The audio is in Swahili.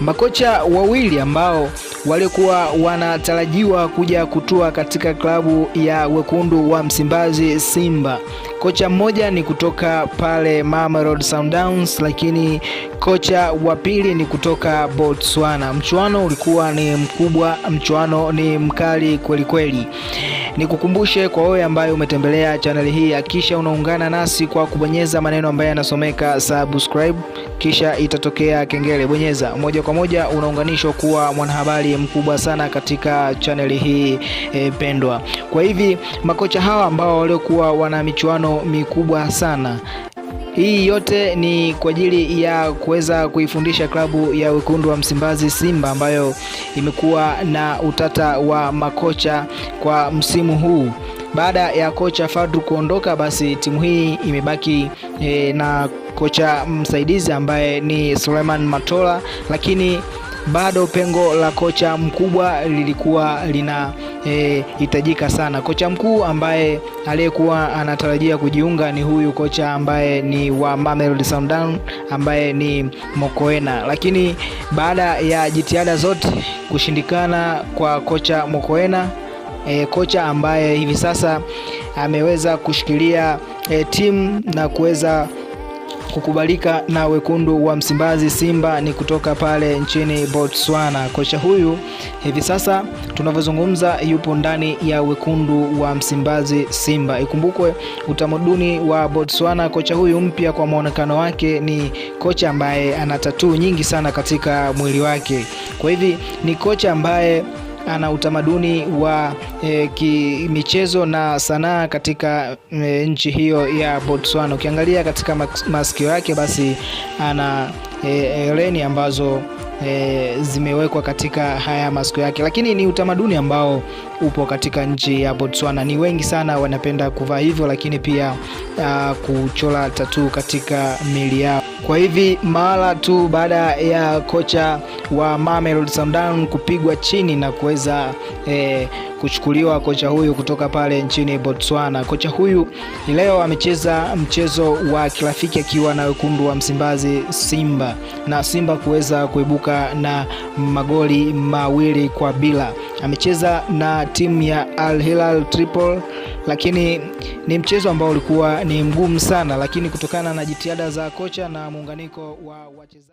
Makocha wawili ambao walikuwa wanatarajiwa kuja kutua katika klabu ya wekundu wa Msimbazi Simba. Kocha mmoja ni kutoka pale Mamelodi Sundowns, lakini kocha wa pili ni kutoka Botswana. Mchuano ulikuwa ni mkubwa, mchuano ni mkali kwelikweli kweli. Nikukumbushe kwa wewe ambaye umetembelea chaneli hii, hakisha unaungana nasi kwa kubonyeza maneno ambayo yanasomeka subscribe, kisha itatokea kengele. Bonyeza moja kwa moja, unaunganishwa kuwa mwanahabari mkubwa sana katika chaneli hii e, pendwa. Kwa hivi makocha hawa ambao waliokuwa wana michuano mikubwa sana hii yote ni kwa ajili ya kuweza kuifundisha klabu ya wekundu wa Msimbazi Simba ambayo imekuwa na utata wa makocha kwa msimu huu. Baada ya kocha Fadru kuondoka, basi timu hii imebaki e, na kocha msaidizi ambaye ni Suleiman Matola, lakini bado pengo la kocha mkubwa lilikuwa lina inahitajika e, sana. Kocha mkuu ambaye aliyekuwa anatarajia kujiunga ni huyu kocha ambaye ni wa Mamelodi Sundowns ambaye ni Mokoena, lakini baada ya jitihada zote kushindikana kwa kocha Mokoena e, kocha ambaye hivi sasa ameweza kushikilia e, timu na kuweza kukubalika na wekundu wa Msimbazi Simba ni kutoka pale nchini Botswana. Kocha huyu hivi sasa tunavyozungumza yupo ndani ya wekundu wa Msimbazi Simba. Ikumbukwe utamaduni wa Botswana, kocha huyu mpya kwa muonekano wake ni kocha ambaye ana tatuu nyingi sana katika mwili wake, kwa hivi ni kocha ambaye ana utamaduni wa e, kimichezo na sanaa katika e, nchi hiyo ya Botswana. Ukiangalia katika masikio yake basi ana e, e, ambazo e, zimewekwa katika haya masiku yake, lakini ni utamaduni ambao upo katika nchi ya Botswana. Ni wengi sana wanapenda kuvaa hivyo, lakini pia a, kuchora tatu katika mili yao. Kwa hivi mara tu baada ya kocha wa Mamelodi Sundowns kupigwa chini na kuweza e, kuchukuliwa kocha huyu kutoka pale nchini Botswana. Kocha huyu leo amecheza mchezo wa kirafiki akiwa na wekundu wa Msimbazi Simba, na Simba kuweza kuibuka na magoli mawili kwa bila. Amecheza na timu ya Al Hilal Tripoli, lakini ni mchezo ambao ulikuwa ni mgumu sana, lakini kutokana na jitihada za kocha na muunganiko wa wachezaji